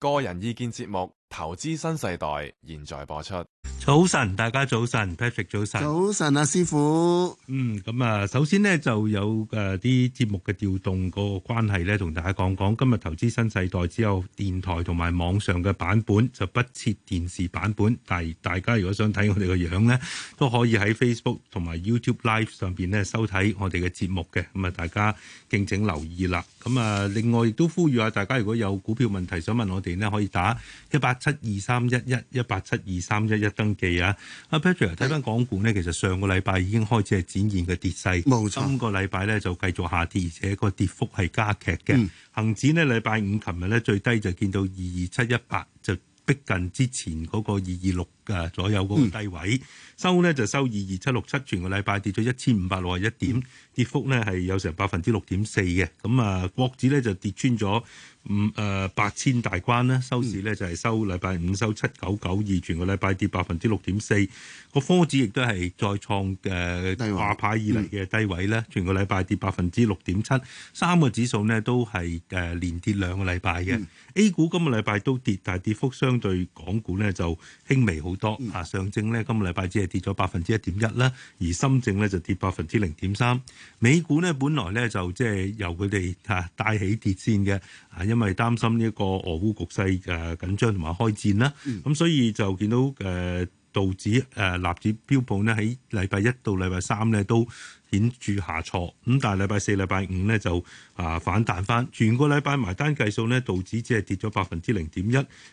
個人意見節目《投資新世代》現在播出。早晨，大家早晨，Patrick 早晨。早晨啊，師傅。嗯，咁啊，首先咧，就有誒啲節目嘅調動個關係咧，同大家講講。今日投資新世代只有電台同埋網上嘅版本，就不設電視版本。但係，大家如果想睇我哋嘅樣咧，都可以喺 Facebook 同埋 YouTube Live 上邊咧收睇我哋嘅節目嘅。咁啊，大家敬請留意啦。咁啊，另外亦都呼籲下大家，如果有股票問題想問我哋咧，可以打一八七二三一一一八七二三一一登。嘅啊，阿 Patrick 睇翻港股呢，其實上個禮拜已經開始係展現嘅跌勢，冇錯。今個禮拜呢就繼續下跌，而且個跌幅係加劇嘅。恆、嗯、指呢禮拜五、琴日呢最低就見到二二七一八，就逼近之前嗰個二二六，啊，左右嗰個低位收呢，就收二二七六七，全個禮拜跌咗一千五百六十一點，跌幅呢係有成百分之六點四嘅。咁啊，國指呢就跌穿咗五誒八千大關啦，收市呢就係收禮拜五收七九九二，全個禮拜跌百分之六點四。個科指亦都係再創誒掛牌以嚟嘅低位呢，全個禮拜跌百分之六點七。三個指數呢都係誒連跌兩個禮拜嘅。A 股今個禮拜都跌，但係跌幅相對港股呢就輕微好多啊，嗯、上證咧今個禮拜只係跌咗百分之一點一啦，而深證咧就跌百分之零點三。美股咧，本來咧就即係由佢哋嚇帶起跌線嘅，啊，因為擔心呢一個俄烏局勢誒緊張同埋開戰啦，咁、嗯、所以就見到誒。呃道指、誒、呃、納指、標普咧，喺禮拜一到禮拜三咧都顯著下挫，咁但係禮拜四、禮拜五咧就啊反彈返，全個禮拜埋單計數咧，道指只係跌咗百分之零點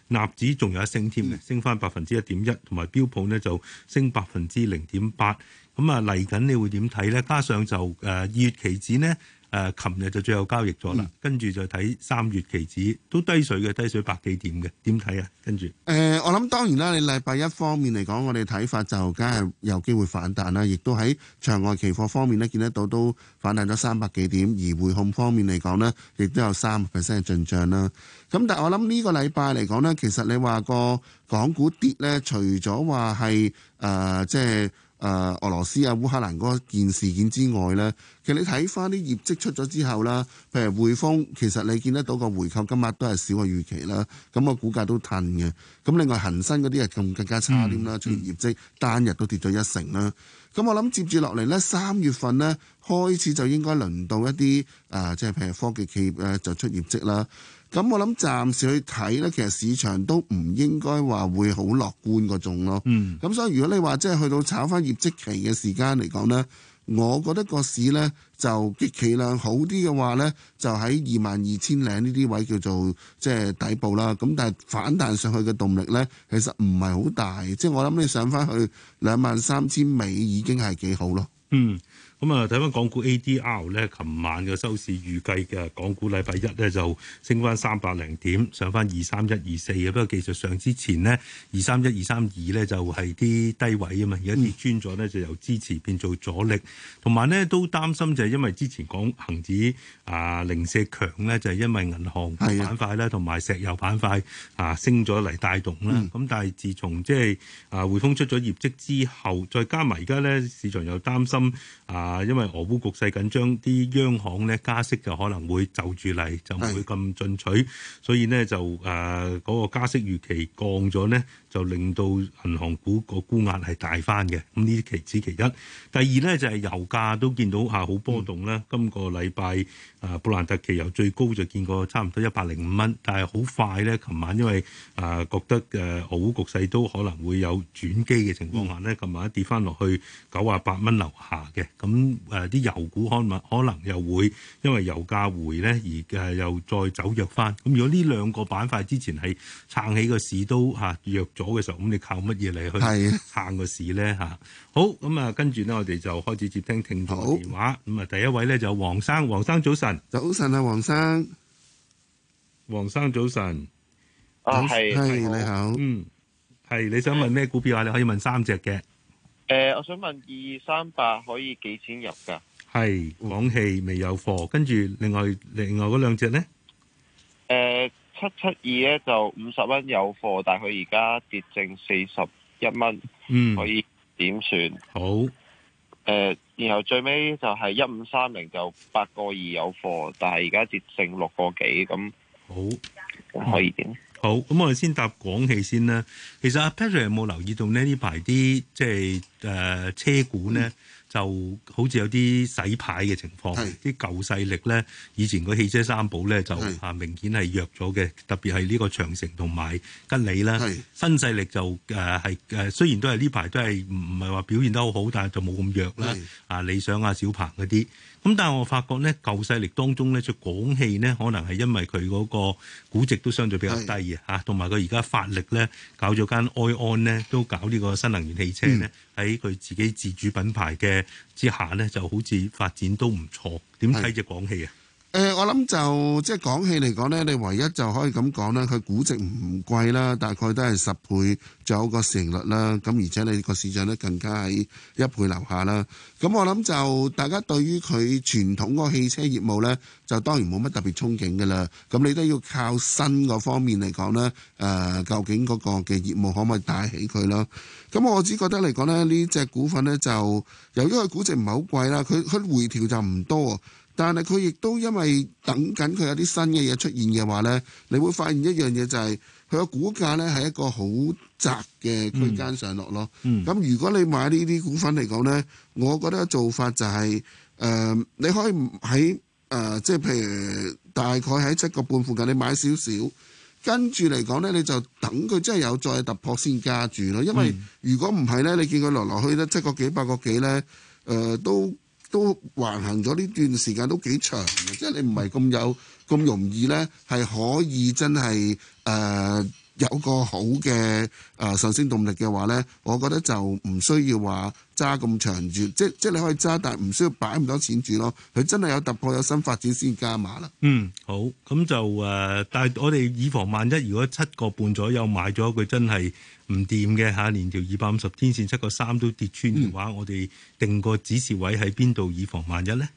一，納指仲有一升添嘅，升返百分之一點一，同埋標普咧就升百分之零點八，咁啊嚟緊你會點睇呢？加上就誒二、呃、月期指呢。誒，琴日、呃、就最後交易咗啦，跟住、嗯、就睇三月期指都低水嘅，低水百幾點嘅，點睇啊？跟住誒，我諗當然啦，你禮拜一方面嚟講，我哋睇法就梗係有機會反彈啦，亦都喺場外期貨方面咧見得到都反彈咗三百幾點，而匯控方面嚟講咧，亦都有三個 percent 嘅進帳啦。咁但係我諗呢個禮拜嚟講咧，其實你話個港股跌咧，除咗話係誒，即係。誒、呃，俄羅斯啊、烏克蘭嗰件事件之外呢，其實你睇翻啲業績出咗之後啦，譬如匯豐，其實你見得到個回購金額都係少過預期啦，咁、個股價都褪嘅。咁另外恒生嗰啲又更更加差啲啦，嗯、出現業績單日都跌咗一成啦。咁、嗯、我諗接住落嚟呢，三月份呢開始就應該輪到一啲誒，即、呃、係譬如科技企業誒就出業績啦。咁我諗暫時去睇呢，其實市場都唔應該話會好樂觀嗰種咯。咁、嗯、所以如果你話即係去到炒翻業績期嘅時間嚟講呢，我覺得個市呢就極其量好啲嘅話呢，就喺二萬二千零呢啲位叫做即係底部啦。咁但係反彈上去嘅動力呢，其實唔係好大。即係我諗你上翻去兩萬三千美已經係幾好咯。嗯。咁啊，睇翻港股 ADR 咧，琴晚嘅收市預計嘅港股禮拜一咧就升翻三百零點，上翻二三一二四嘅。不過技術上之前咧，二三一二三二咧就係啲低位啊嘛，而家跌穿咗咧就由支持變做阻力。同埋咧都擔心就係因為之前講恒指啊零舍強咧，呃、就係因為銀行板塊咧同埋石油板塊啊升咗嚟帶動啦。咁的但係自從即係啊匯豐出咗業績之後，再加埋而家咧市場又擔心啊。呃啊，因為俄烏局勢緊張，啲央行咧加息就可能會就住嚟，就唔會咁進取，是所以咧就誒嗰、呃嗰個加息預期降咗咧。就令到銀行股個估壓係大翻嘅，咁呢啲其此其一。第二咧就係、是、油價都見到下好波動啦。嗯、今個禮拜啊，布蘭特期油最高就見過差唔多一百零五蚊，但係好快咧，琴晚因為啊覺得誒澳股局勢都可能會有轉機嘅情況下咧，琴、嗯、晚跌翻落去九啊八蚊樓下嘅。咁誒啲油股可能可能又會因為油價回咧而誒又再走弱翻。咁如果呢兩個板塊之前係撐起個市都嚇弱。啊咗嘅時候，咁你靠乜嘢嚟去撐個市咧？吓， 好咁啊，跟住咧，我哋就開始接聽聽眾電話。咁啊好，第一位咧就黃生，黃生早晨。早晨啊，黃生，黃生早晨。啊、哦，係係、嗯、是你好。嗯，係你想問咩股票啊？嗯、你可以問三隻嘅。誒、呃，我想問二三八可以幾錢入噶？係，廣汽未有貨。跟住另外另外嗰兩隻咧？誒。七七二咧，就五十蚊有貨，但係佢而家跌剩四十一蚊，嗯，可以點算？好，誒、呃，然後最尾就係一五三零就八個二有貨，但係而家跌剩六個幾，咁好，可以點？好，咁我哋先答廣汽先啦。其實阿、啊、Patrick 有冇留意到咧？呢排啲即係誒車股咧？嗯就好似有啲洗牌嘅情況，啲是舊勢力咧，以前個汽車三寶咧就啊明顯係弱咗嘅，是特別係呢個長城同埋吉利啦，是新勢力就誒係誒雖然都係呢排都係唔唔係話表現得好好，但係就冇咁弱啦，是啊理想啊小鵬嗰啲。咁但係我發覺咧，舊勢力當中咧，就廣汽咧，可能係因為佢嗰個估值都相對比較低嘅嚇，同埋佢而家發力咧，搞咗間埃安咧，都搞呢個新能源汽車咧，喺佢、嗯、自己自主品牌嘅之下咧，就好似發展都唔錯。點睇隻廣汽啊？誒，我諗就即係講起嚟講咧，你唯一就可以咁講咧，佢估值唔貴啦，大概都係十倍，仲有個市盈率啦。咁而且你個市場咧更加喺一倍樓下啦。咁我諗就大家對於佢傳統嗰個汽車業務咧，就當然冇乜特別憧憬噶啦。咁你都要靠新嗰方面嚟講咧，誒，究竟嗰個嘅業務可唔可以帶起佢啦？咁我只覺得嚟講咧，呢隻股份咧就由於佢估值唔係好貴啦，佢佢回調就唔多。但係佢亦都因為等緊佢有啲新嘅嘢出現嘅話咧，你會發現一樣嘢就係佢個股價咧係一個好窄嘅區間上落咯。咁如果你買呢啲股份嚟講咧，我覺得做法就係，誒你可以喺誒，即係譬如大概喺七個半附近你買少少，跟住嚟講咧你就等佢真係有再突破先加住咯。因為如果唔係咧，你見佢落落去七個幾八個幾咧，誒都。都橫行咗呢段時間都幾長嘅，即係你唔係咁有咁容易咧，係可以真係誒，呃，有個好嘅誒上升動力嘅話呢，我覺得就唔需要話揸咁長住，即即你可以揸，但係唔需要擺咁多錢住咯。佢真係有突破有新發展先加碼啦。嗯，好咁就誒、呃，但係我哋以防萬一，如果七個半左右買咗，佢真係唔掂嘅嚇，連條二百五十天線七個三都跌穿嘅話，嗯、我哋定個止蝕位喺邊度以防萬一呢？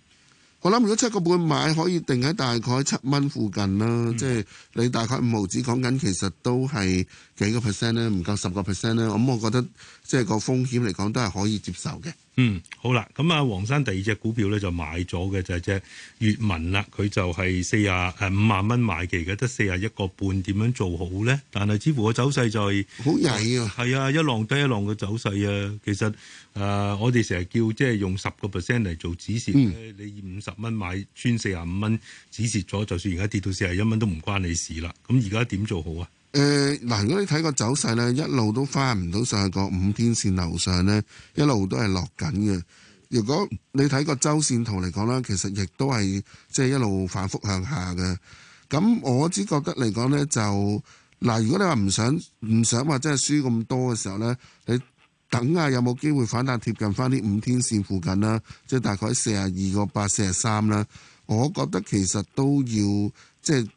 我諗如果七個半買可以定喺大概七蚊附近啦，即係、嗯、你大概五毫紙講緊，其實都係幾個 percent 咧，唔夠十個 percent 咧，咁我，我覺得。即係個風險嚟講，都係可以接受嘅。嗯，好啦，咁啊，黃生第二隻股票咧就買咗嘅就係隻粵文啦，佢就係四啊誒五萬蚊買嘅，而家得四啊一個半，點樣做好咧？但係似乎個走勢就係好曳啊，係啊，一浪低一浪嘅走勢啊。其實誒、呃，我哋成日叫即係用十個 percent 嚟做止蝕、嗯、你以五十蚊買穿四啊五蚊止蝕咗，就算而家跌到四啊一蚊都唔關你事啦。咁而家點做好啊？誒，嗱，如果你睇個走勢咧，一路都翻唔到上去個五天線樓上咧，一路都係落緊嘅。如果你睇個周線圖嚟講咧，其實亦都係即係一路反復向下嘅。咁我只覺得嚟講咧，就嗱，如果你話唔想唔想話即係輸咁多嘅時候咧，你等下有冇機會反彈貼近翻啲五天線附近啦，即係大概四十二個八四十三啦。我覺得其實都要即係。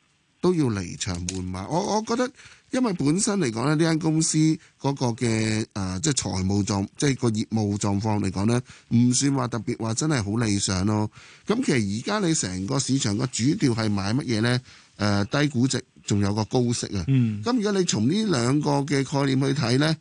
都要離場換買，我我覺得，因為本身嚟講咧，呢間公司嗰個嘅誒、呃，即係財務狀，即係個業務狀況嚟講呢，唔算話特別話真係好理想咯。咁其實而家你成個市場個主調係買乜嘢呢？誒、呃，低估值，仲有個高息啊。咁、嗯、如果你從呢兩個嘅概念去睇呢，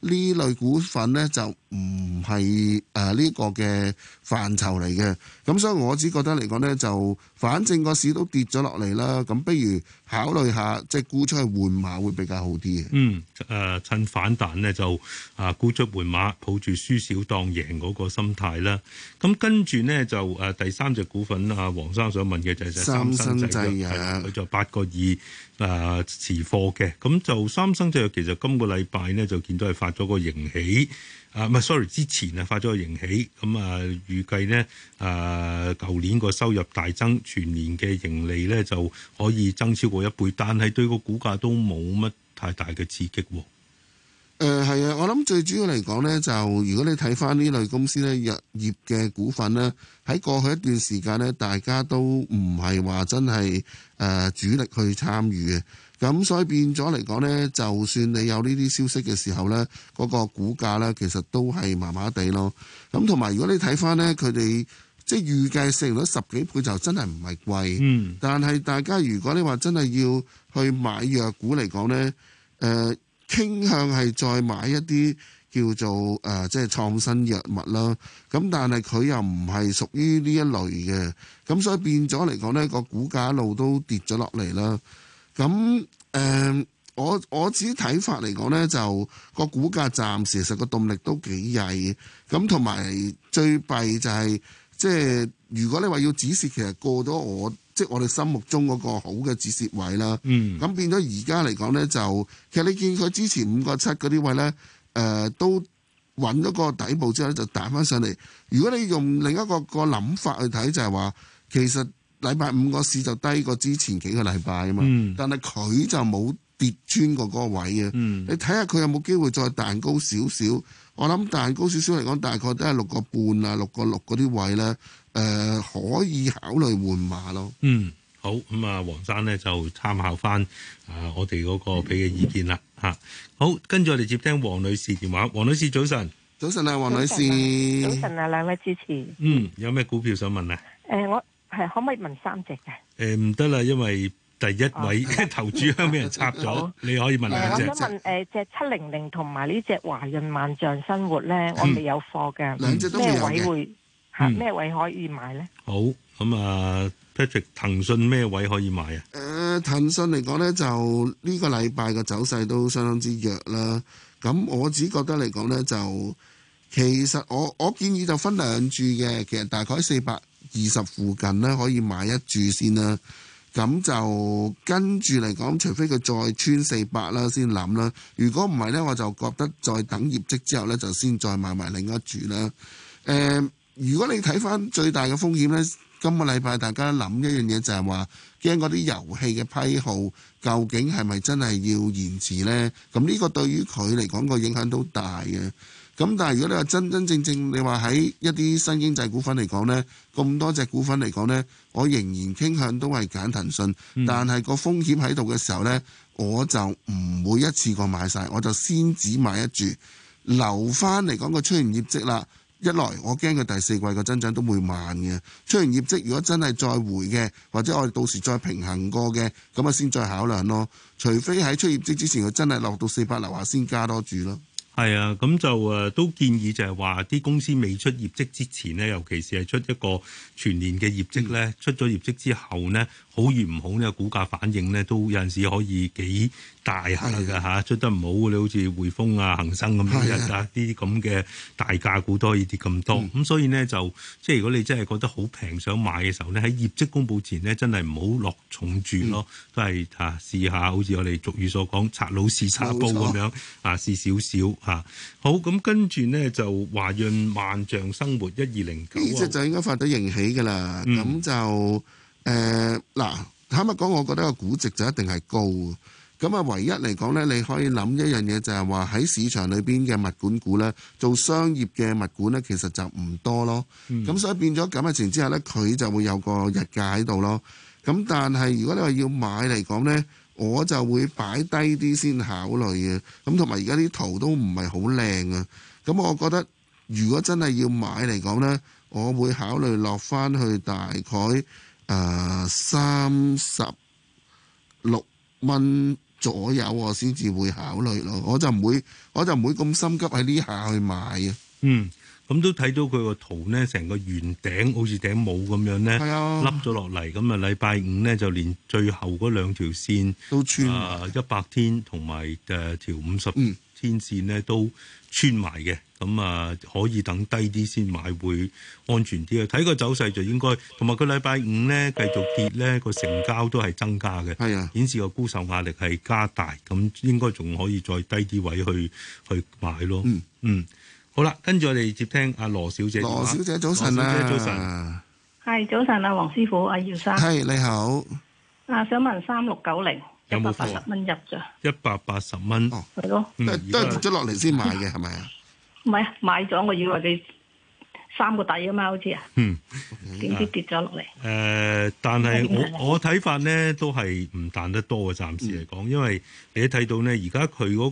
呢類股份呢就。唔係誒呢個嘅範疇嚟嘅，咁所以我只覺得嚟講咧，就反正個市都跌咗落嚟啦，咁不如考慮下即係沽出換馬會比較好啲嘅。嗯，誒趁反彈咧就誒沽出換馬，抱住輸少當贏嗰個心態啦。咁跟住咧就誒第三隻股份啊，黃生想問嘅就係三生製藥，佢就八個二啊持貨嘅。咁就三生製藥其實今個禮拜咧就見到係發咗個盈喜。啊，uh, sorry，之前啊發咗個盈喜，咁、嗯、啊、呃、預計咧，誒、呃、舊年個收入大增，全年嘅盈利咧就可以增超過一倍，但係對個股價都冇乜太大嘅刺激喎、啊。誒係啊！我諗最主要嚟講呢，就如果你睇翻呢類公司呢，藥業嘅股份呢，喺過去一段時間呢，大家都唔係話真係誒、呃、主力去參與嘅。咁所以變咗嚟講呢，就算你有呢啲消息嘅時候呢，嗰、那個股價呢，其實都係麻麻地咯。咁同埋如果你睇翻呢，佢哋即係預計市盈率十幾倍就真係唔係貴。嗯。但係大家如果你話真係要去買藥股嚟講呢。誒、呃。傾向係再買一啲叫做誒、呃，即係創新藥物啦。咁但係佢又唔係屬於呢一類嘅，咁所以變咗嚟講呢個股價一路都跌咗落嚟啦。咁誒、呃，我我自己睇法嚟講呢就個股價暫時其實個動力都幾曳。咁同埋最弊就係、是，即係如果你話要止蝕，其實過咗我。即我哋心目中嗰個好嘅止蝕位啦，咁、嗯、變咗而家嚟講咧，就其實你見佢之前五個七嗰啲位咧，誒、呃、都穩揾咗個底部之後咧，就彈翻上嚟。如果你用另一個、那個諗法去睇，就係、是、話其實禮拜五個市就低過之前幾個禮拜啊嘛，嗯、但係佢就冇。跌穿個嗰個位嘅，嗯、你睇下佢有冇機會再彈高少少？我諗彈高少少嚟講，大概都係六個半啊，六個六嗰啲位咧，誒、呃、可以考慮換馬咯。嗯，好咁啊，黃生咧就參考返啊、呃，我哋嗰個俾嘅意見啦嚇。嗯嗯、好，跟住我哋接聽黃女士電話。黃女士早晨，早晨啊，黃女士，早晨啊，兩位主持。嗯，有咩股票想問啊？誒、呃，我係可唔可以問三隻嘅？誒，唔得啦，因為。第一位、啊、頭炷香俾人插咗，啊、你可以問兩隻。呃、我想問隻七零零同埋呢隻華潤萬象生活咧，嗯、我未有貨嘅，兩隻都未有嘅。咩位會嚇？咩、嗯、位可以買咧？好咁啊 Patrick 騰訊咩位可以買啊？誒、呃、騰訊嚟講咧，就呢、這個禮拜嘅走勢都相當之弱啦。咁我只覺得嚟講咧，就其實我我建議就分兩注嘅，其實大概四百二十附近咧可以買一注先啦。咁就跟住嚟講，除非佢再穿四百啦，先諗啦。如果唔係呢，我就覺得再等業績之後呢，就先再買埋另一注啦。誒、呃，如果你睇返最大嘅風險呢，今個禮拜大家諗一樣嘢就係話，驚嗰啲遊戲嘅批號究竟係咪真係要延遲呢？咁呢個對於佢嚟講個影響都大嘅、啊。咁但係如果你話真真正正你話喺一啲新經濟股份嚟講呢，咁多隻股份嚟講呢，我仍然傾向都係揀騰訊。嗯、但係個風險喺度嘅時候呢，我就唔會一次過買晒，我就先只買一注，留翻嚟講個出完業績啦。一來我驚佢第四季個增長都會慢嘅，出完業績如果真係再回嘅，或者我哋到時再平衡過嘅，咁啊先再考量咯。除非喺出業績之前佢真係落到四百樓下先加多注咯。係啊，咁就誒都建議就係話啲公司未出業績之前咧，尤其是係出一個全年嘅業績咧，嗯、出咗業績之後咧，好與唔好咧，股價反應咧，都有陣時可以幾大下㗎吓，的出得唔好你好似匯豐啊、恒生咁樣啊，啲咁嘅大價股以多，要跌咁多。咁所以咧就即係如果你真係覺得好平想買嘅時候咧，喺業績公佈前咧，真係唔好落重注咯，嗯、都係啊試下，好似我哋俗語所講，賊佬試沙煲咁樣啊，試少少。啊，好，咁跟住呢就華潤萬象生活一二零九啊，呢隻就應該發到盈喜噶、嗯呃、啦。咁就誒，嗱坦白講，我覺得個估值就一定係高。咁啊，唯一嚟講呢，你可以諗一樣嘢就係話喺市場裏邊嘅物管股呢，做商業嘅物管呢，其實就唔多咯。咁、嗯、所以變咗咁嘅情況之下呢，佢就會有個日價喺度咯。咁但係如果你話要買嚟講呢。我就會擺低啲先考慮嘅，咁同埋而家啲圖都唔係好靚啊，咁我覺得如果真係要買嚟講呢，我會考慮落翻去大概誒三十六蚊左右，我先至會考慮咯，我就唔會我就唔會咁心急喺呢下去買啊。嗯。咁都睇到佢個圖咧，成個圓頂好似頂帽咁樣咧，凹咗落嚟。咁啊，禮拜、嗯、五咧就連最後嗰兩條線都穿串啊，一百、呃、天同埋誒條五十天線咧都穿埋嘅。咁啊、嗯嗯，可以等低啲先買會安全啲嘅。睇個走勢就應該，同埋佢禮拜五咧繼續跌咧，個成交都係增加嘅，啊、顯示個沽售壓力係加大。咁、嗯、應該仲可以再低啲位去去買咯。嗯嗯。好啦，跟住我哋接聽阿羅小、小姐。羅小姐早晨啊，係早晨啊。黃師傅、阿姚生係你好。啊，uh, 想問三六九零一百八十蚊入咗？一百八十蚊哦，係咯、oh,，嗯、都係跌咗落嚟先買嘅係咪啊？唔係啊，買咗我以為你。三個底啊嘛，好似、嗯、啊，點知跌咗落嚟？誒，但係我我睇法咧，都係唔彈得多嘅，暫時嚟講，因為你睇到咧，而家佢嗰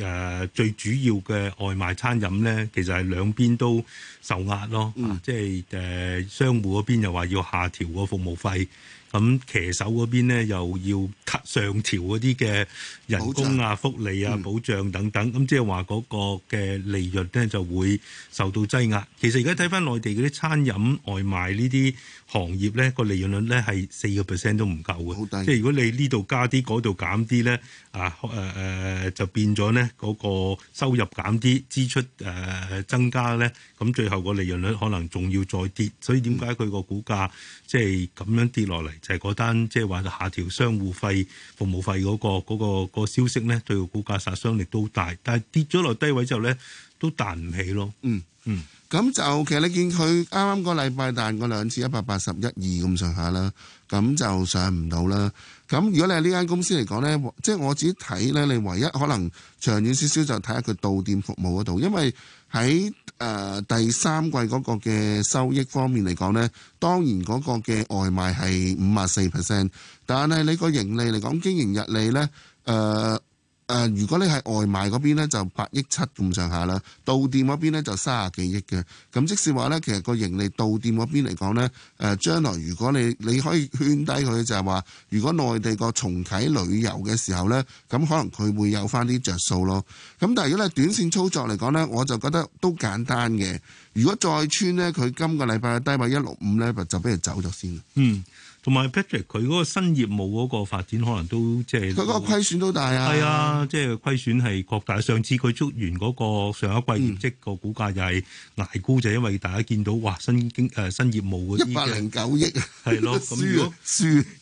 個、呃、最主要嘅外賣餐飲咧，其實係兩邊都受壓咯，嗯啊、即係誒、呃、商戶嗰邊又話要下調個服務費。咁騎手嗰邊咧又要上調嗰啲嘅人工啊、保障福利啊、保障等等，咁、嗯、即係話嗰個嘅利潤咧就會受到擠壓，其實而家睇翻內地嗰啲餐飲外賣呢啲行業咧，個利潤率咧係四個 percent 都唔夠嘅，即係如果你呢度加啲，嗰度減啲咧，啊誒誒、呃、就變咗咧嗰個收入減啲，支出誒、呃、增加咧，咁最後個利潤率可能仲要再跌，所以點解佢個股價即係咁樣下跌落嚟？就係嗰單即係話下調商戶費服務費嗰個嗰個個消息咧，對個股價殺傷力都大，但係跌咗落低位之後咧，都彈唔起咯。嗯嗯，咁就其實你見佢啱啱個禮拜彈過兩次一百八十一二咁上下啦，咁就上唔到啦。咁如果你係呢間公司嚟講咧，即係我自己睇咧，你唯一可能長遠少少就睇下佢到店服務嗰度，因為喺。誒、呃、第三季嗰個嘅收益方面嚟講呢，當然嗰個嘅外賣係五十四 percent，但係你個盈利嚟講，經營日利呢。誒、呃。誒、呃，如果你係外賣嗰邊咧，就八億七咁上下啦；到店嗰邊咧就三十幾億嘅。咁即係話咧，其實個盈利到店嗰邊嚟講咧，誒、呃、將來如果你你可以勸低佢，就係話，如果內地個重啟旅遊嘅時候咧，咁可能佢會有翻啲着數咯。咁但係如果係短線操作嚟講咧，我就覺得都簡單嘅。如果再穿咧，佢今個禮拜低位一六五咧，就不如走咗先。嗯。同埋 Patrick 佢嗰個新業務嗰個發展可能都即係佢個虧損都大啊！係啊，即係虧損係擴大。上次佢捉完嗰個上一季業績個股價又係捱沽，就係、是、因為大家見到哇新經誒新業務嗰一百零九億啊！係咯， 咁如果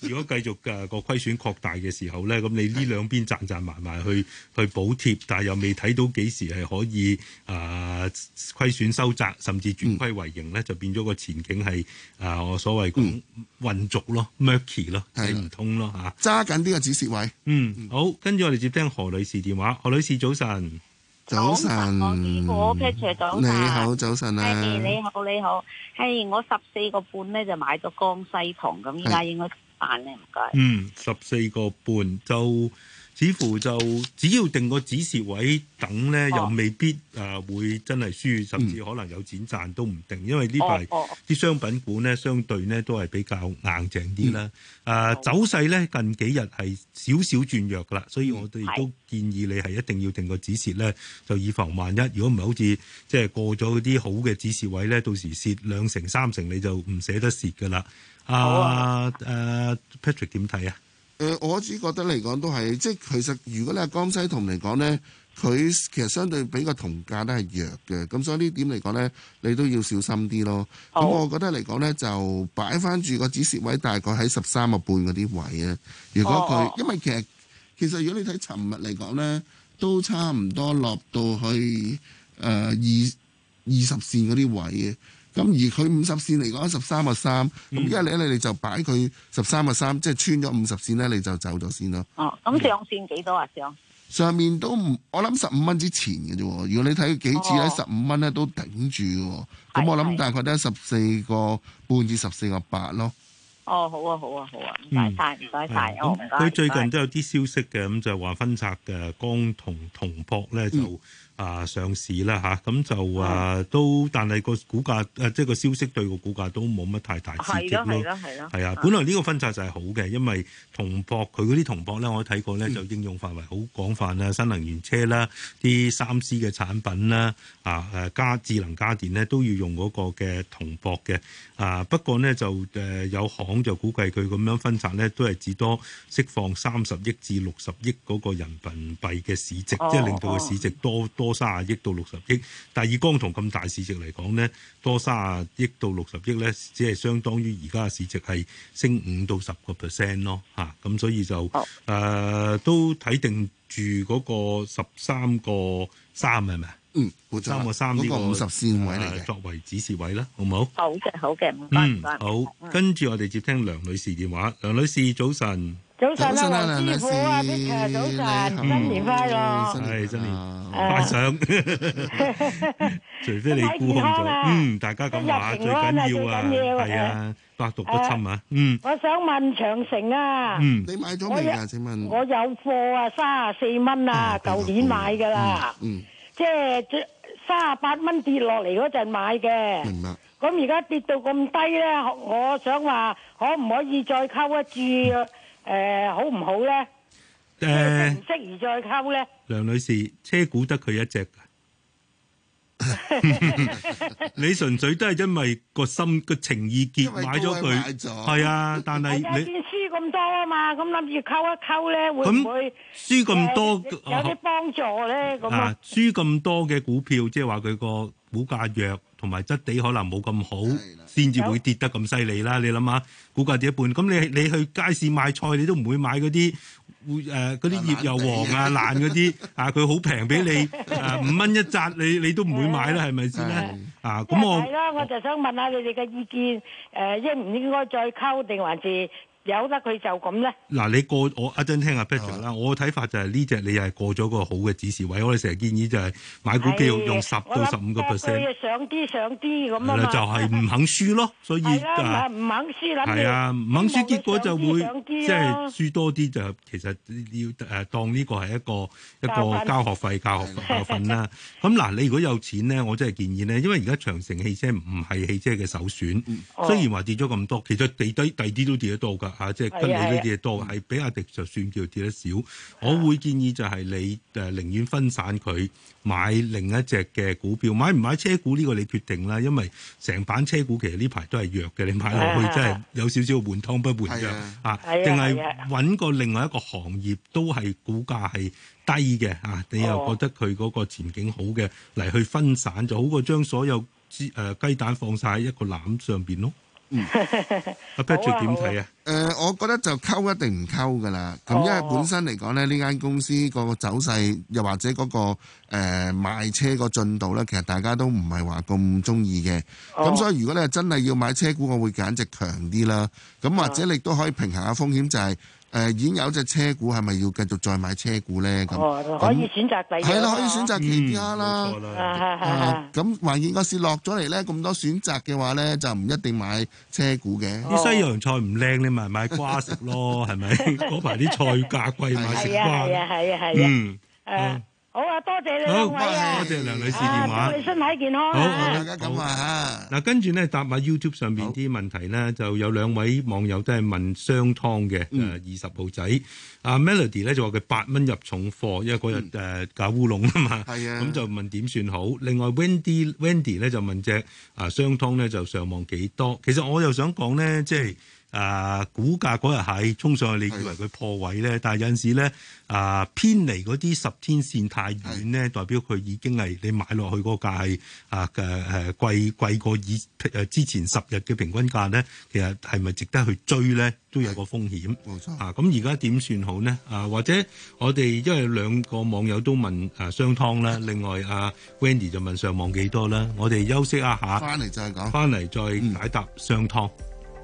如果繼續嘅個虧損擴大嘅時候咧，咁你呢兩邊賺賺埋埋去去補貼，但係又未睇到幾時係可以誒虧損收窄，甚至轉虧為盈咧，嗯、就變咗個前景係啊我所謂咁混濁。好咯，murky 咯，睇唔的通咯嚇，揸緊呢個止蝕位。嗯，好，跟住我哋接聽何女士電話。何女士早晨，早晨，我係 Patrick 你好早晨啊，你好你好，嘿，我十四個半咧就買咗江西糖，咁依家應該賺咧唔該。嗯，十四個半就。的似乎就只要定個止蝕位等咧，oh. 又未必誒、呃、會真係輸，甚至可能有錢賺都唔定，因為呢排啲商品股咧，相對咧都係比較硬淨啲啦。誒、oh. 呃、走勢咧近幾日係少少轉弱噶啦，所以我哋亦都建議你係一定要定個止蝕咧，就以防萬一。如果唔係好似即係過咗啲好嘅止蝕位咧，到時蝕兩成三成你就唔捨得蝕噶啦。好、呃、啊、oh. uh,，Patrick 點睇啊？誒、呃，我只覺得嚟講都係，即係其實如果你係江西銅嚟講呢，佢其實相對比較銅價都係弱嘅，咁所以呢點嚟講呢，你都要小心啲咯。咁、oh. 我覺得嚟講呢，就擺翻住個止蝕位大概喺十三個半嗰啲位啊。如果佢，oh. 因為其實其實如果你睇尋日嚟講呢，都差唔多落到去誒二二十線嗰啲位嘅。咁而佢五十線嚟講，十三個三，咁而家你你你就擺佢十三個三，即係穿咗五十線咧，你就走咗先咯。哦，咁上線幾多啊上？上面都唔，我諗十五蚊之前嘅啫。如果你睇幾次喺十五蚊咧都頂住，咁、哦、我諗大概得十四個半至十四個八咯。哦，好啊，好啊，好啊，唔該晒，唔該晒。我唔該。佢最近都有啲消息嘅，咁就話、係、分拆嘅鋼同銅箔咧就。嗯啊上市啦嚇，咁、啊、就啊都，的但係個股價誒，即、啊、係、就是、個消息對個股價都冇乜太大刺激咯。係咯係咯啊，的的本來呢個分拆就係好嘅，因為銅箔佢嗰啲銅箔咧，我睇過咧就應用範圍好廣泛啊，嗯、新能源車啦，啲三 C 嘅產品啦，啊誒家智能家電咧都要用嗰個嘅銅箔嘅。啊不過呢，就誒、呃、有行就估計佢咁樣分拆咧都係至多釋放三十億至六十億嗰個人，人民幣嘅市值，即係令到個市值多多。Oh. Oh. 多卅億到六十億，但以光同咁大市值嚟講咧，多卅億到六十億咧，只係相當於而家嘅市值係升五到十個 percent 咯，吓、啊、咁所以就誒、哦呃、都睇定住嗰個十三個三係咪？嗯，三、這個三呢個五十線位嚟嘅，啊，作為指示位啦，好唔好？好嘅，好嘅，唔該、嗯、好，跟住、嗯、好我哋接聽梁女士電話，梁女士早晨。早晨啦，文師傅啊！早晨，新年快樂，新年快上，除非你過窮咗，嗯，大家咁話最緊要啊，係啊，百毒不侵啊，嗯。我想問長城啊，嗯，你買咗未啊？請問，我有貨啊，卅四蚊啊，舊年買噶啦，即係卅八蚊跌落嚟嗰陣買嘅，咁而家跌到咁低咧，我想話可唔可以再溝一注？誒，好唔好咧？唔適宜再溝咧。梁女士，車股得佢一隻。你純粹都係因為個心個情意結買咗佢。係啊。但係你輸咁多啊嘛，咁諗住溝一溝咧，會唔會，輸咁多有啲幫助咧？咁啊，輸咁多嘅股票，即係話佢個股價弱。同埋質地可能冇咁好，先至的會跌得咁犀利啦！好你諗下，估價跌一半，咁你你去街市買菜，你都唔會買嗰啲誒嗰啲葉又黃啊爛嗰啲啊，佢好平俾你五蚊一紮，你你都唔會買啦，係咪先咧？啊，咁我係啦，我就想問下你哋嘅意見，誒、呃、應唔應該再溝定還是？有得佢就咁咧。嗱，你過我一陣聽阿 Patrick 啦，我嘅睇法就係呢隻你係過咗個好嘅指示位。我哋成日建議就係買股票用十到十五個 percent。我諗上啲上啲咁啊嘛。嗱就係唔肯輸咯，所以啊唔肯輸啦。係啊，唔肯輸結果就會即係輸多啲，就其實要誒當呢個係一個一個交學費教學教訓啦。咁嗱，你如果有錢咧，我真係建議咧，因為而家長城汽車唔係汽車嘅首選。雖然話跌咗咁多，其實地低低啲都跌得到㗎。嚇，即係吉利呢啲嘢多，係 Yeah, yeah. 比亞迪就算叫跌得少。Yeah. 我會建議就係你誒，寧願分散佢買另一隻嘅股票，買唔買車股呢個你決定啦。因為成板車股其實呢排都係弱嘅，你買落去真係有少少換湯不換藥 Yeah. 啊。定係揾個另外一個行業都係股價係低嘅啊，你又覺得佢嗰個前景好嘅嚟去分散，就好過將所有之誒雞蛋放晒喺一個籃上邊咯。阿 Peter 點睇啊？誒、啊啊呃，我覺得就溝一定唔溝㗎喇。咁、哦、因為本身嚟講咧，呢間、哦、公司個走勢，又或者嗰、那個誒、呃、賣車個進度咧，其實大家都唔係話咁鍾意嘅。咁、哦、所以如果你係真係要買車股，我會揀隻強啲啦。咁或者你都可以平衡下風險、就是，就係。誒已經有隻車股，係咪要繼續再買車股咧？咁、哦，可以選擇第他，係啦、啊就係，可以選擇其他啦。啊啊啊！咁還應該是落咗嚟咧，咁多選擇嘅話咧，就唔一定買車股嘅。啲西洋菜唔靚，你咪買瓜食咯，係咪、哦？嗰排啲菜價貴，買食瓜。係啊係啊係啊係啊。啊啊啊嗯。啊。Uh 好啊，多謝你。兩位啊。多謝梁女士電話。祝你身體健康。好，大家咁啊。嗱，跟住咧答埋 YouTube 上邊啲問題咧，就有兩位網友都係問雙湯嘅，誒二十號仔啊 Melody 咧就話佢八蚊入重貨，因為嗰日誒搞烏龍啊嘛。係啊，咁就問點算好？另外 Wendy Wendy 咧就問隻啊雙湯咧就上望幾多？其實我又想講咧，即係。啊，股價嗰日係衝上，去，你以為佢破位咧？的但係有陣時咧，啊偏離嗰啲十天線太遠咧，的代表佢已經係你買落去嗰個價係啊嘅誒、啊啊啊、貴貴過以誒、啊、之前十日嘅平均價咧，其實係咪值得去追咧？都有個風險。冇錯的啊！咁而家點算好咧？啊，或者我哋因為兩個網友都問啊商湯啦，的另外阿、啊、Wendy 就問上網幾多啦？我哋休息一下，翻嚟再講，翻嚟再解答商湯、嗯。嗯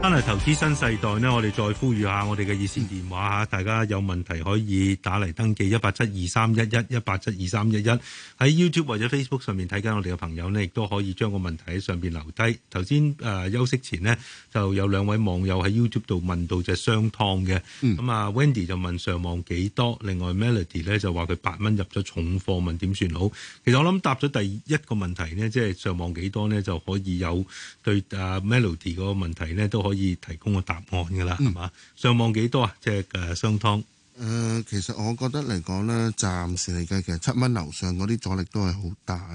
翻嚟投資新世代咧，我哋再呼籲下我哋嘅熱線電話吓，大家有問題可以打嚟登記一八七二三一一一八七二三一一，喺 YouTube 或者 Facebook 上面睇緊我哋嘅朋友呢，亦都可以將個問題喺上邊留低。頭先誒休息前呢，就有兩位網友喺 YouTube 度問到隻商湯嘅，咁啊、嗯嗯、Wendy 就問上望幾多，另外 Melody 咧就話佢八蚊入咗重貨，問點算好。其實我諗答咗第一個問題呢，即係上望幾多呢，就可以有對啊 Melody 嗰個問題呢都可以提供個答案㗎啦，係嘛？上網幾多啊？即係誒商湯。誒，其實我覺得嚟講咧，暫時嚟計，其實七蚊樓上嗰啲阻力都係好大，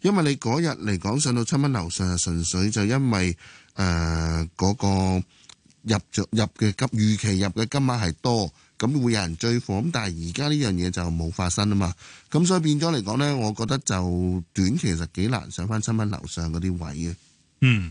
因為你嗰日嚟講上到七蚊樓上，純粹就因為誒嗰個入著入嘅金預期入嘅金額係多，咁會有人追貨。咁但係而家呢樣嘢就冇發生啊嘛，咁所以變咗嚟講咧，我覺得就短期其實幾難上翻七蚊樓上嗰啲位嘅。嗯。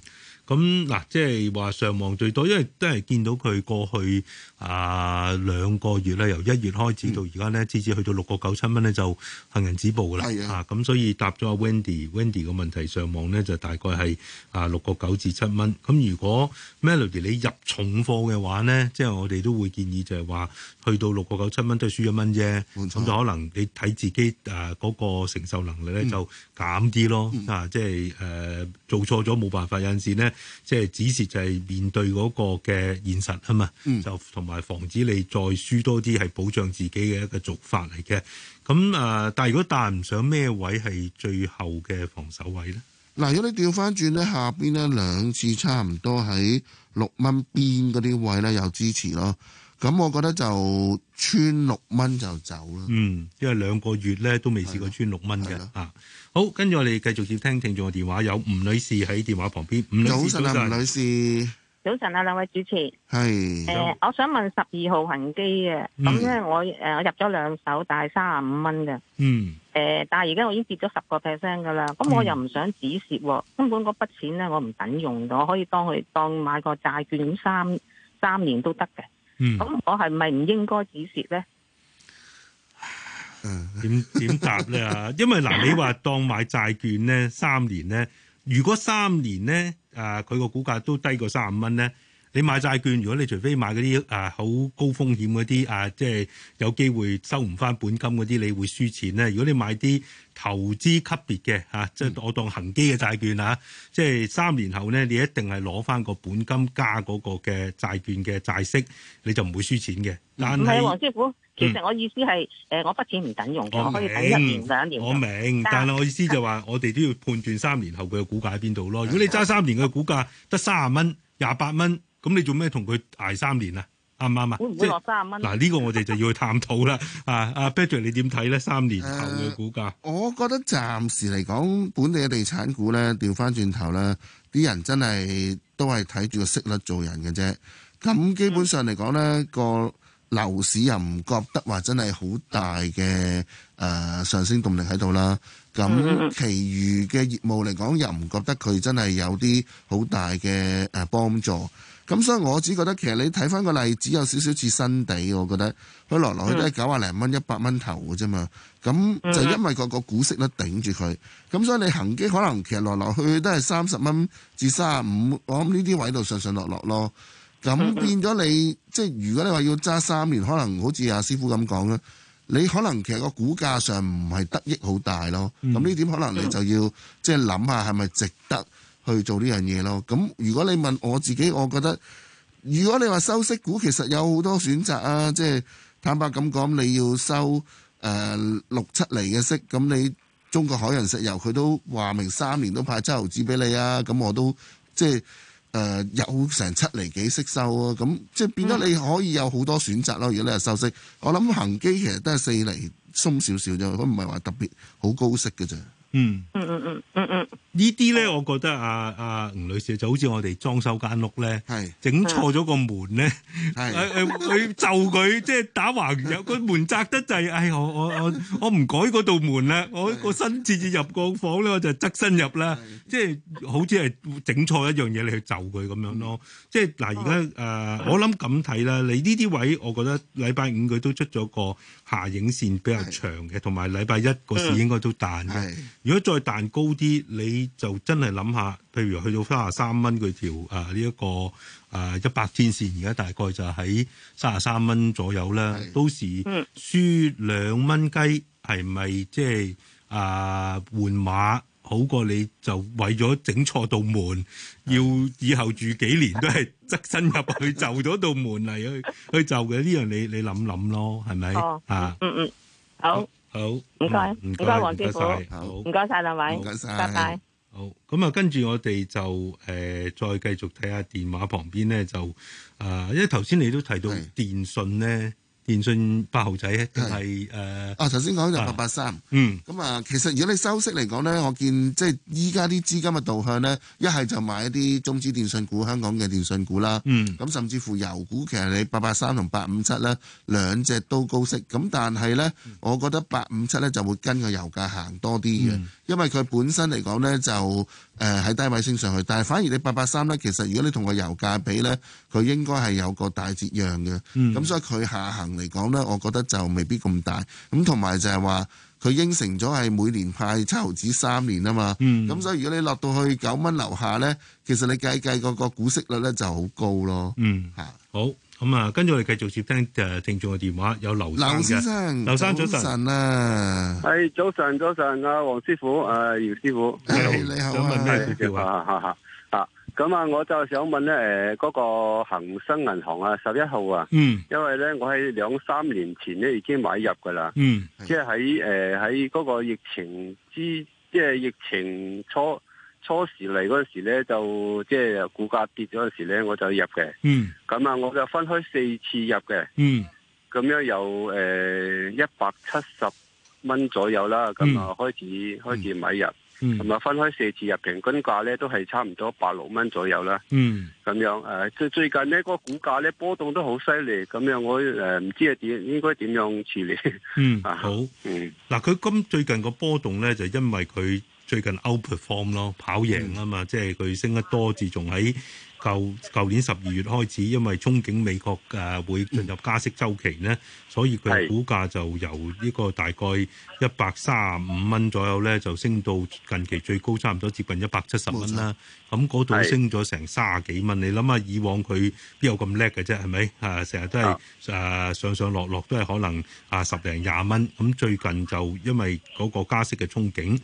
咁嗱、嗯，即係話上網最多，因為都係見到佢過去。啊，兩個月咧，由一月開始到而家咧，次次去到六個九七蚊咧就行人止步噶啦。係的啊，咁所以答咗阿 Wendy，Wendy 個問題上，上網咧就大概係啊六個九至七蚊。咁、嗯、如果 Melody 你入重貨嘅話咧，即、就、係、是、我哋都會建議就係話去到六個九七蚊都係輸一蚊啫。咁就白可能你睇自己誒嗰、呃那個承受能力咧就減啲咯。嗯、啊，即係誒做錯咗冇辦法，有陣時咧即係只是就係面對嗰個嘅現實啊嘛。就同埋。嗯係防止你再輸多啲，係保障自己嘅一個做法嚟嘅。咁誒，但係、呃、如果但唔上咩位係最後嘅防守位咧？嗱，如果你調翻轉咧，下邊咧兩次差唔多喺六蚊邊嗰啲位咧有支持咯。咁我覺得就穿六蚊就走咯。嗯，因為兩個月咧都未試過穿六蚊嘅啊。好，跟住我哋繼續接聽聽眾嘅電話，有吳女士喺電話旁邊。早晨啊，吳女士。早晨啊，兩位主持。係誒，我想問十二號恒基嘅，咁咧、嗯、我誒、呃、我入咗兩手，但係三十五蚊嘅。嗯。誒、呃，但係而家我已經跌咗十個 percent 噶啦，咁我又唔想止蝕、啊，根本嗰筆錢咧我唔等用咗，我可以當佢當買個債券三三年都得嘅。嗯。咁我係咪唔應該止蝕咧？嗯 啊。點點答咧啊？因為嗱，你話當買債券咧三年咧，如果三年咧？誒佢個股價都低過三十五蚊咧。你買債券，如果你除非買嗰啲啊好高風險嗰啲啊，即係有機會收唔翻本金嗰啲，你會輸錢咧。如果你買啲投資級別嘅嚇、啊就是啊，即係我當恒基嘅債券嚇，即係三年後咧，你一定係攞翻個本金加嗰個嘅債券嘅債息，你就唔會輸錢嘅。但係、嗯、黃師傅，其實我意思係誒、嗯嗯，我筆錢唔等用嘅，我可以一年㗎，一年我明，但係我意思就話、是、 我哋都要判斷三年後嘅股價喺邊度咯。如果你揸三年嘅股價得三十蚊、廿八蚊。咁你做咩同佢捱三年啊？啱唔啱啊？會唔會落三十蚊？嗱，呢個我哋就要去探討啦。啊，阿 b e t r i 你點睇咧？三年後嘅股價、呃？我覺得暫時嚟講，本地嘅地產股咧調翻轉頭咧，啲人真係都係睇住個息率做人嘅啫。咁基本上嚟講咧，嗯、個樓市又唔覺得話真係好大嘅誒、呃、上升動力喺度啦。咁，其餘嘅業務嚟講又唔覺得佢真係有啲好大嘅誒幫助。咁所以，我只覺得其實你睇翻個例子有少少似新地，我覺得佢來來去都係九啊零蚊、一百蚊頭嘅啫嘛。咁就因為個股息咧頂住佢，咁所以你恒基可能其實來來去去都係三十蚊至卅五，我諗呢啲位度上上落落咯。咁變咗你即係如果你話要揸三年，可能好似阿師傅咁講咧，你可能其實個股價上唔係得益好大咯。咁呢點可能你就要即係諗下係咪值得？去做呢樣嘢咯。咁如果你問我自己，我覺得如果你話收息股，其實有好多選擇啊。即係坦白咁講，你要收誒、呃、六七厘嘅息，咁你中國海洋石油佢都話明三年都派七毫紙俾你啊。咁我都即係誒有成七厘幾息收啊。咁即係變得你可以有好多選擇咯、啊。嗯、如果你係收息，我諗恆基其實都係四厘鬆少少啫，都唔係話特別好高息嘅啫。嗯嗯嗯嗯嗯嗯呢啲咧，我覺得阿阿吳女士就好似我哋裝修間屋咧，係整錯咗個門咧，係誒佢就佢即係打橫入個門窄得滯，哎我我我我唔改嗰道門啦，我個身直接入個房咧，我就側身入啦，即係好似係整錯一樣嘢，你去就佢咁樣咯。即係嗱，而家誒，我諗咁睇啦。你呢啲位，我覺得禮拜五佢都出咗個下影線比較長嘅，同埋禮拜一個市應該都彈嘅。如果再彈高啲，你就真係諗下，譬如去到三十三蚊佢條啊呢一個啊一百天線，而家大概就喺三十三蚊左右啦。是到時、嗯、輸兩蚊雞，係咪即係啊換馬好過你就為咗整錯道門，是要以後住幾年都係側身入去就咗道門嚟 去去就嘅？呢樣你你諗諗咯，係咪、哦、啊？嗯嗯、哦，好、哦。哦。好唔該唔該黃師傅唔該晒好唔該晒兩位，拜拜好咁啊，跟住我哋就誒、呃，再繼續睇下電話旁邊咧就啊、呃，因為頭先你都提到電訊咧，電信八號仔咧，定係誒？呃、啊，頭先講就八八三。嗯。咁啊，其實如果你收息嚟講呢，我見即係依家啲資金嘅導向呢，一係就買一啲中資電信股、香港嘅電信股啦。嗯。咁甚至乎油股，其實你八八三同八五七呢，兩隻都高息。咁但係呢，嗯、我覺得八五七呢就會跟個油價行多啲嘅，嗯、因為佢本身嚟講呢就。誒喺、呃、低位升上去，但係反而你八八三咧，其實如果你同個油價比咧，佢應該係有個大折讓嘅。咁、嗯、所以佢下行嚟講咧，我覺得就未必咁大。咁同埋就係話佢應承咗係每年派七毫紙三年啊嘛。咁、嗯、所以如果你落到去九蚊樓下咧，其實你計計嗰個股息率咧就好高咯。嗯，嚇好。咁啊、嗯，跟住我哋繼續接聽誒聽眾嘅電話，有劉生嘅。劉先生，劉生早晨啊，係早晨，早晨啊，黃師傅，誒、啊，姚師傅，你好、欸，你好啊，想問咩事啊？咁啊，啊，啊，啊，啊，我就想問咧，誒、呃，嗰、嗰個恒生銀行啊，十一號啊，嗯，因為咧，我喺兩三年前咧已經買入㗎喇，嗯，即係喺誒喺嗰個疫情之，即係疫情初。初時嚟嗰時咧，就即係股價跌咗嗰時咧，我就入嘅。嗯，咁啊，我就分開四次入嘅。嗯，咁樣由誒一百七十蚊左右啦，咁啊，開始開始買入，咁啊，分開四次入，平均價咧都係差唔多百六蚊左右啦。嗯，咁樣誒，最最近呢個股價咧波動都好犀利，咁樣我誒唔知係點應該點樣處理？嗯，好。嗯，嗱，佢今最近個波動咧就因為佢。最近 outperform 咯，perform，跑贏啊嘛，嗯、即係佢升得多，自從喺舊舊年十二月開始，因為憧憬美國誒、呃、會進入加息周期呢，所以佢股價就由呢個大概一百三十五蚊左右咧，就升到近期最高差唔多接近一百七十蚊啦。咁嗰度升咗成三十幾蚊，是你諗下以往佢邊有咁叻嘅啫？係咪啊？成日都係誒、啊、上上落落，都係可能啊十零廿蚊。咁、嗯、最近就因為嗰個加息嘅憧憬。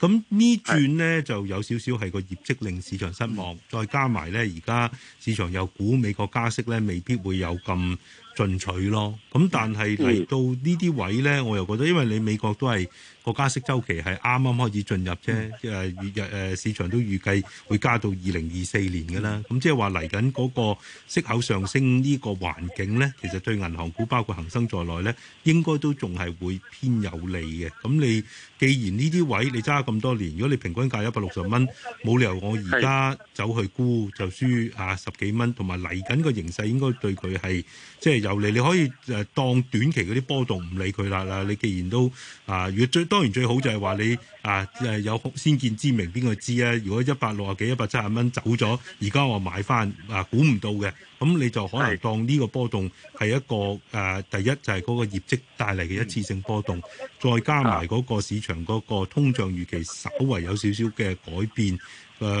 咁呢轉呢就有少少係個業績令市場失望，再加埋呢而家市場有股美國加息呢未必會有咁。進取咯，咁但係嚟到呢啲位呢，我又覺得，因為你美國都係個加息週期係啱啱開始進入啫，誒、啊，誒市場都預計會加到二零二四年㗎啦。咁即係話嚟緊嗰個息口上升呢個環境呢，其實對銀行股，包括恒生在內呢，應該都仲係會偏有利嘅。咁你既然呢啲位你揸咗咁多年，如果你平均價一百六十蚊，冇理由我而家走去沽就輸啊十幾蚊，同埋嚟緊個形勢應該對佢係即係。就是由嚟你可以誒當短期嗰啲波動唔理佢啦啦，你既然都啊，如果最當然最好就係話你啊，係有先見之明邊個知啊？如果一百六十幾、一百七十蚊走咗，而家我買翻啊，估唔到嘅，咁你就可能當呢個波動係一個誒、啊，第一就係嗰個業績帶嚟嘅一次性波動，再加埋嗰個市場嗰個通脹預期稍為有少少嘅改變，誒、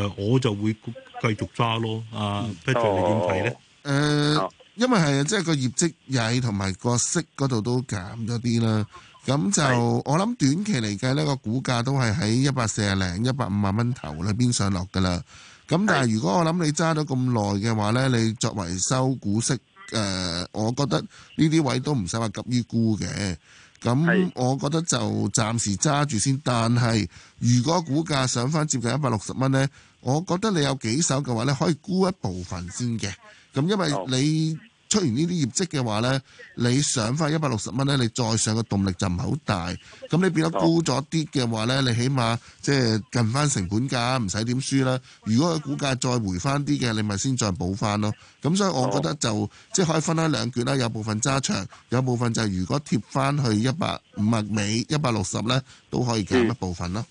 啊、我就會繼續揸咯。啊，跟住你點睇咧？誒、哦。呃因為係，即係個業績曳同埋個息嗰度都減咗啲啦，咁就我諗短期嚟計咧個股價都係喺一百四啊零、一百五啊蚊頭咧邊上落噶啦。咁但係如果我諗你揸咗咁耐嘅話咧，你作為收股息，誒，我覺得呢啲位都唔使話急於沽嘅。咁我覺得就暫時揸住先。但係如果股價上返接近一百六十蚊咧，我覺得你有幾手嘅話咧，可以沽一部分先嘅。咁因為你出完呢啲業績嘅話呢，你上翻一百六十蚊呢，你再上嘅動力就唔係好大。咁你變得高咗啲嘅話呢，你起碼即係近翻成本價，唔使點輸啦。如果佢股價再回翻啲嘅，你咪先再補翻咯。咁所以我覺得就、哦、即係可以分開兩橛啦。有部分揸長，有部分就係如果貼翻去一百五啊尾一百六十呢，都可以減一部分咯。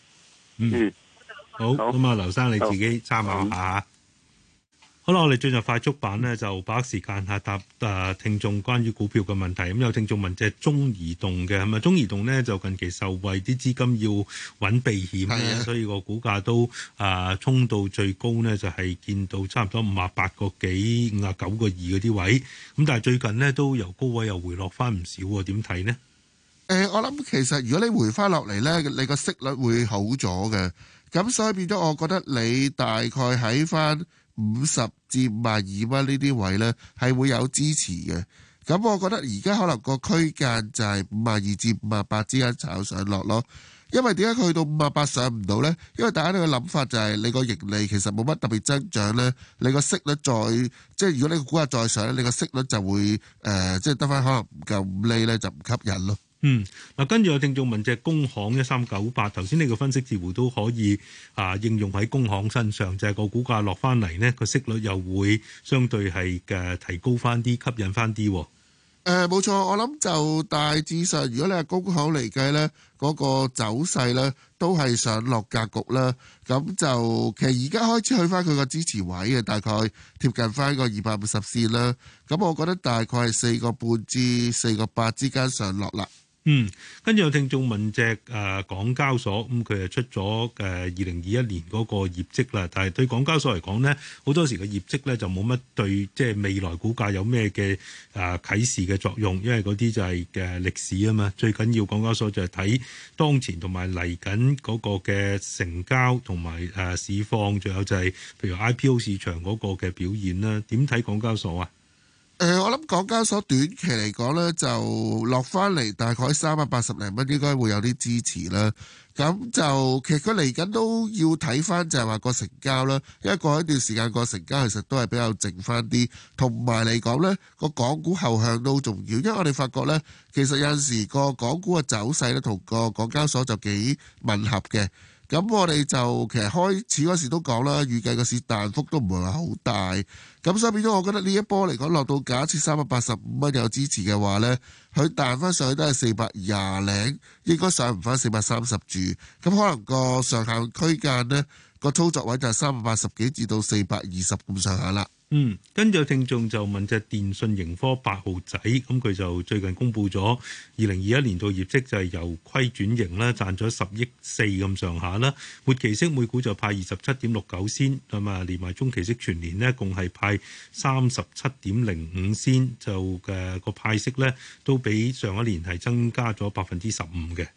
嗯，好。咁啊，劉生你自己參考下。好啦，我哋進入快速版咧，就把握時間下答誒、呃、聽眾關於股票嘅問題。咁、嗯、有聽眾問，即係中移動嘅咁咪中移動咧？就近期受惠啲資金要揾避險的所以個股價都啊、呃、衝到最高咧，就係、是、見到差唔多五啊八個幾、五啊九個二嗰啲位。咁、嗯、但係最近咧都由高位又回落翻唔少喎，點睇呢？誒、呃，我諗其實如果你回翻落嚟咧，你個息率會好咗嘅。咁所以變咗，我覺得你大概喺翻，五十至五萬二蚊呢啲位呢係會有支持嘅。咁我覺得而家可能個區間就係五萬二至五萬八之間炒上落咯。因為點解去到五萬八上唔到呢？因為大家嘅諗法就係、是、你個盈利其實冇乜特別增長呢，你個息率再即係如果你個股價再上，你個息率就會誒、呃、即係得翻可能唔夠五厘呢，就唔吸引咯。嗯，嗱，跟住有聽眾問隻工行一三九八，頭先你個分析似乎都可以啊應用喺工行身上，就係個股價落翻嚟咧，個息率又會相對係嘅提高翻啲，吸引翻啲。誒，冇錯，我諗就大致上，如果你係工行嚟計咧，嗰個走勢咧都係上落格局咧，咁就其實而家開始去翻佢個支持位嘅，大概貼近翻個二百五十線啦。咁我覺得大概係四個半至四個八之間上落啦。嗯，跟住有聽眾問隻啊港交所，咁佢誒出咗誒二零二一年嗰個業績啦，但係對港交所嚟講呢好多時個業績咧就冇乜對，即係未來股價有咩嘅啊啟示嘅作用，因為嗰啲就係嘅歷史啊嘛。最緊要港交所就係睇當前同埋嚟緊嗰個嘅成交同埋誒市況，仲有就係譬如 IPO 市場嗰個嘅表現啦。點睇港交所啊？誒、呃，我諗港交所短期嚟講咧，就落翻嚟大概三百八十零蚊，應該會有啲支持啦。咁就其實佢嚟緊都要睇翻，就係話個成交啦。因為過一段時間個成交其實都係比較靜翻啲，同埋嚟講咧個港股後向都好重要。因為我哋發覺咧，其實有陣時個港股嘅走勢咧，同個港交所就幾吻合嘅。咁我哋就其實開始嗰時都講啦，預計個市彈幅都唔會話好大。咁所以變咗，我覺得呢一波嚟講，落到假設三百八十五蚊有支持嘅話呢，佢彈翻上去都係四百廿零，應該上唔翻四百三十住。咁可能個上限區間呢個操作位就係三百八十幾至到四百二十咁上下啦。嗯，跟住有聽眾就問隻電訊盈科八號仔，咁佢就最近公布咗二零二一年度業績就係由虧轉盈啦，賺咗十億四咁上下啦。末期息每股就派二十七點六九仙，咁啊，連埋中期息全年呢共係派三十七點零五仙，就嘅個派息呢都比上一年係增加咗百分之十五嘅。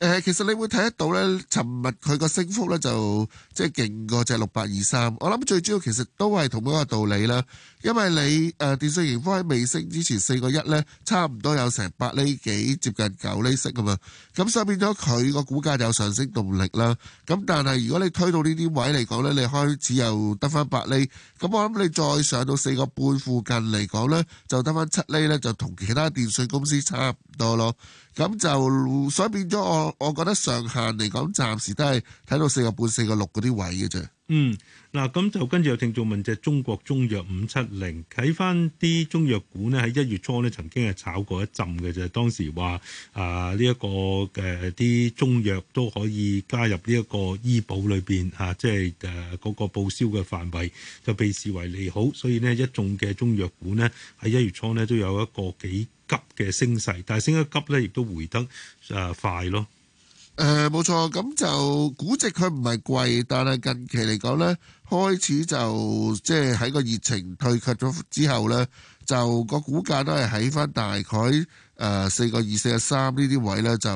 誒、呃，其實你會睇得到咧，尋日佢個升幅咧就即係勁過隻六八二三，我諗最主要其實都係同一個道理啦。因為你誒、呃、電信盈科喺未升之前四個一呢，差唔多有成八厘幾，接近九厘息㗎嘛。咁所以變咗佢個股價有上升動力啦。咁但係如果你推到呢啲位嚟講呢，你開始又得返八厘。咁我諗你再上到四個半附近嚟講呢，就得返七厘呢，就同其他電信公司差唔多咯。咁就所以變咗我我覺得上限嚟講，暫時都係睇到四個半、四個六嗰啲位嘅啫。嗯。嗱，咁就跟住有聽眾問隻中國中藥五七零，睇返啲中藥股呢，喺一月初咧曾經係炒過一陣嘅啫。當時話啊，呢、呃、一、這個誒啲、呃、中藥都可以加入呢一個醫保裏邊啊，即係誒嗰個報銷嘅範圍就被視為利好，所以呢，一眾嘅中藥股呢，喺一月初咧都有一個幾急嘅升勢，但係升得急呢，亦都回得誒、呃、快咯。誒，冇錯，嗯，咁就估值佢唔係貴，但係近期嚟講呢，開始就即係喺個熱情退卻咗之後呢，就個股價都係喺翻大概誒四個二四個三呢啲位呢，就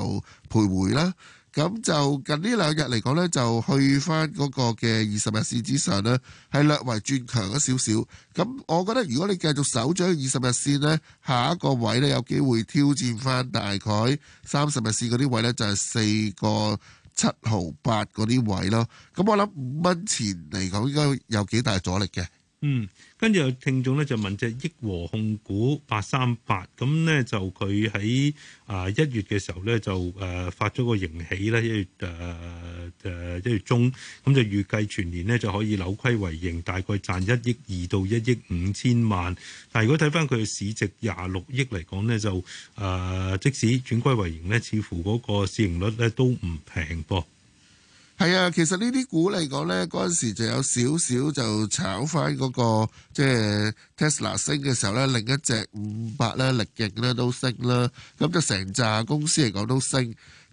徘徊啦。咁就近兩呢兩日嚟講呢，就去翻嗰個嘅二十日線之上呢，係略為轉強咗少少。咁我覺得如果你繼續守住二十日線呢，下一個位呢，有機會挑戰翻大概三十日線嗰啲位呢，就係四個七毫八嗰啲位咯。咁我諗五蚊錢嚟講應該有幾大阻力嘅。嗯，跟住有聽眾咧就問隻益和控股八三八，咁咧就佢喺啊一月嘅時候咧就誒發咗個盈喜。咧一月誒誒一月中，咁就預計全年咧就可以扭虧為盈，大概賺一億二到一億五千萬。但係如果睇翻佢嘅市值廿六億嚟講咧，就誒、呃、即使轉虧為盈咧，似乎嗰個市盈率咧都唔平噃。係啊，其實呢啲股嚟講呢，嗰陣時就有少少就炒翻嗰、那個即係、就是、Tesla 升嘅時候呢，另一隻五百呢力勁呢都升啦，咁就成紮公司嚟講都升。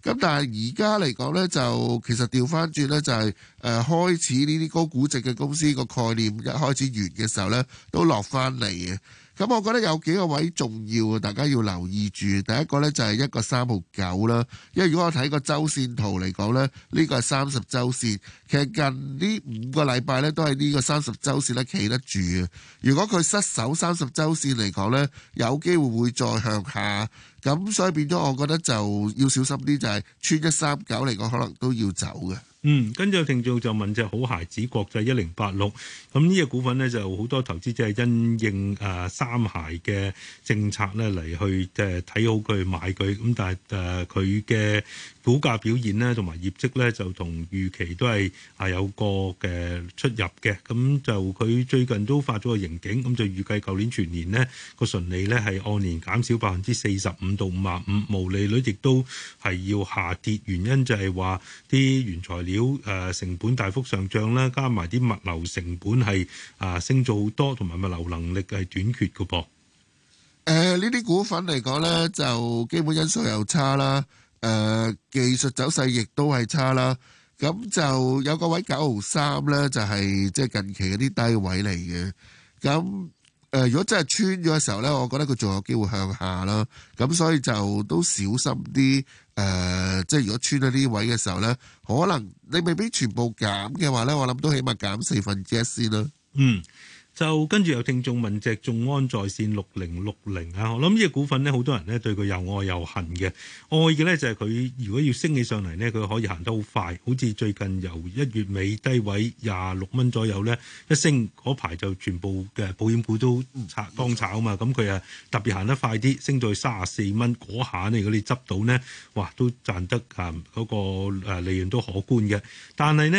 咁但係而家嚟講呢，就其實掉翻轉呢，就係誒開始呢啲高估值嘅公司個概念一開始完嘅時候呢，都落翻嚟嘅。咁我覺得有幾個位重要，大家要留意住。第一個呢就係一個三號九啦，因為如果我睇個周線圖嚟講咧，呢個係三十周線其實近呢五個禮拜呢都喺呢個三十周線咧企得住。如果佢失守三十周線嚟講呢，有機會會再向下。咁所以變咗，我覺得就要小心啲，就係穿一三九嚟講，可能都要走嘅。嗯，跟住有聽眾就問就好孩子國際一零八六，咁呢隻股份咧就好、是、多投資者係因應誒、呃、三孩嘅政策咧嚟去誒睇、呃、好佢買佢，咁但係誒佢嘅。呃股價表現咧，同埋業績咧，就同預期都係係有個嘅出入嘅。咁就佢最近都發咗個盈警，咁就預計舊年全年呢個純利呢係按年減少百分之四十五到五十五，毛利率亦都係要下跌。原因就係話啲原材料誒成本大幅上漲啦，加埋啲物流成本係啊升咗好多，同埋物流能力係短缺㗎噃。誒呢啲股份嚟講呢，就基本因素又差啦。誒、呃、技術走勢亦都係差啦，咁就有個位九毫三咧，就係即係近期嗰啲低位嚟嘅。咁誒、呃，如果真係穿咗嘅時候咧，我覺得佢仲有機會向下啦。咁所以就都小心啲。誒、呃，即、就、係、是、如果穿咗呢位嘅時候咧，可能你未必全部減嘅話咧，我諗都起碼減四分之一先啦。嗯。就跟住有聽眾問隻：隻眾安在線六零六零啊！我諗呢個股份呢，好多人呢對佢又愛又恨嘅。愛嘅呢，就係佢如果要升起上嚟呢，佢可以行得好快。好似最近由一月尾低位廿六蚊左右呢，一升嗰排就全部嘅保險股都炒光炒啊嘛。咁佢啊特別行得快啲，升到去三十四蚊嗰下呢，如果你執到呢，哇都賺得嚇嗰、嗯嗰個利潤都可觀嘅。但係呢，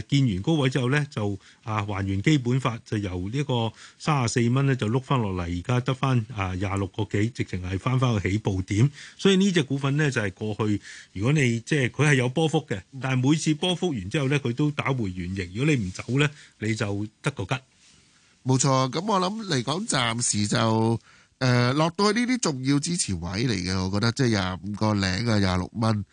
誒見完高位之後呢，就。啊！還原基本法就由個呢個三十四蚊咧，就碌翻落嚟，而家得翻啊廿六個幾，直情係翻翻個起步點。所以呢隻股份咧，就係、是、過去如果你即係佢係有波幅嘅，但係每次波幅完之後咧，佢都打回原形。如果你唔走咧，你就得個吉。冇錯，咁我諗嚟講，暫時就誒、呃、落到去呢啲重要支持位嚟嘅，我覺得即係廿五個零啊，廿六蚊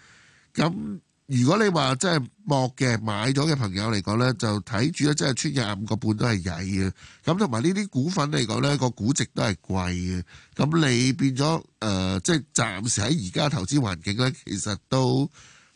咁。如果你話即係博嘅買咗嘅朋友嚟講呢，就睇住咧即係穿廿五個半都係曳嘅，咁同埋呢啲股份嚟講呢，個估值都係貴嘅，咁你變咗誒、呃、即係暫時喺而家投資環境呢，其實都，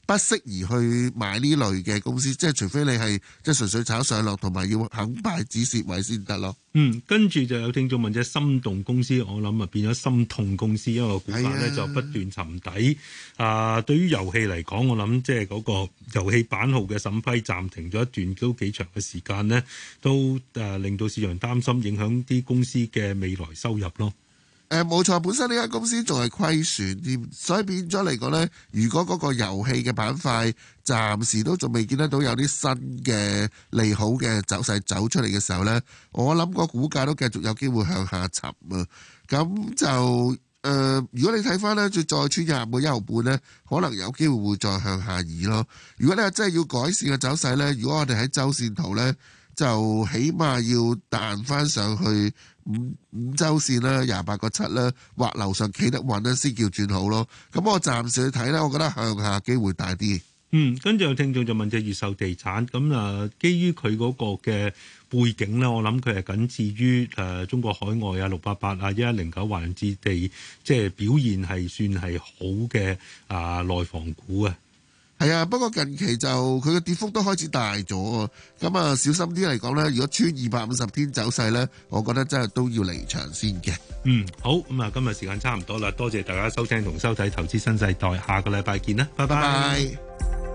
不適宜去買呢類嘅公司，即係除非你係即係純粹炒上落，同埋要肯擺止蝕位先得咯。嗯，跟住就有聽眾問，即心動公司，我諗啊變咗心痛公司，因為個股價咧就不斷沉底。啊、呃，對於遊戲嚟講，我諗即係嗰個遊戲版號嘅審批暫停咗一段都幾長嘅時間呢，都誒、呃、令到市場擔心，影響啲公司嘅未來收入咯。誒，冇錯，嗯，本身呢間公司仲係虧損添，所以變咗嚟講呢，如果嗰個遊戲嘅板塊暫時都仲未見得到有啲新嘅利好嘅走勢走出嚟嘅時候呢，我諗個股價都繼續有機會向下沉啊。咁就誒、呃，如果你睇翻呢，再再穿廿蚊一毫半呢，可能有機會會再向下移咯。如果你真係要改善嘅走勢呢，如果我哋喺周線圖呢，就起碼要彈翻上去。五五周線啦，廿八個七啦，或樓上企得穩咧，先叫轉好咯。咁我暫時去睇咧，我覺得向下機會大啲。嗯，跟住有聽眾就問隻越秀地產，咁啊，基於佢嗰個嘅背景咧，我諗佢係僅次於誒、呃、中國海外啊，六八八啊，一一零九環置地，即係表現係算係好嘅啊內房股啊。係啊，不過近期就佢嘅跌幅都開始大咗，啊、嗯。咁啊小心啲嚟講咧，如果穿二百五十天走勢咧，我覺得真係都要離場先嘅。嗯，好，咁啊今日時間差唔多啦，多謝大家收聽同收睇《投資新世代》，下個禮拜見啦，拜拜。Bye bye。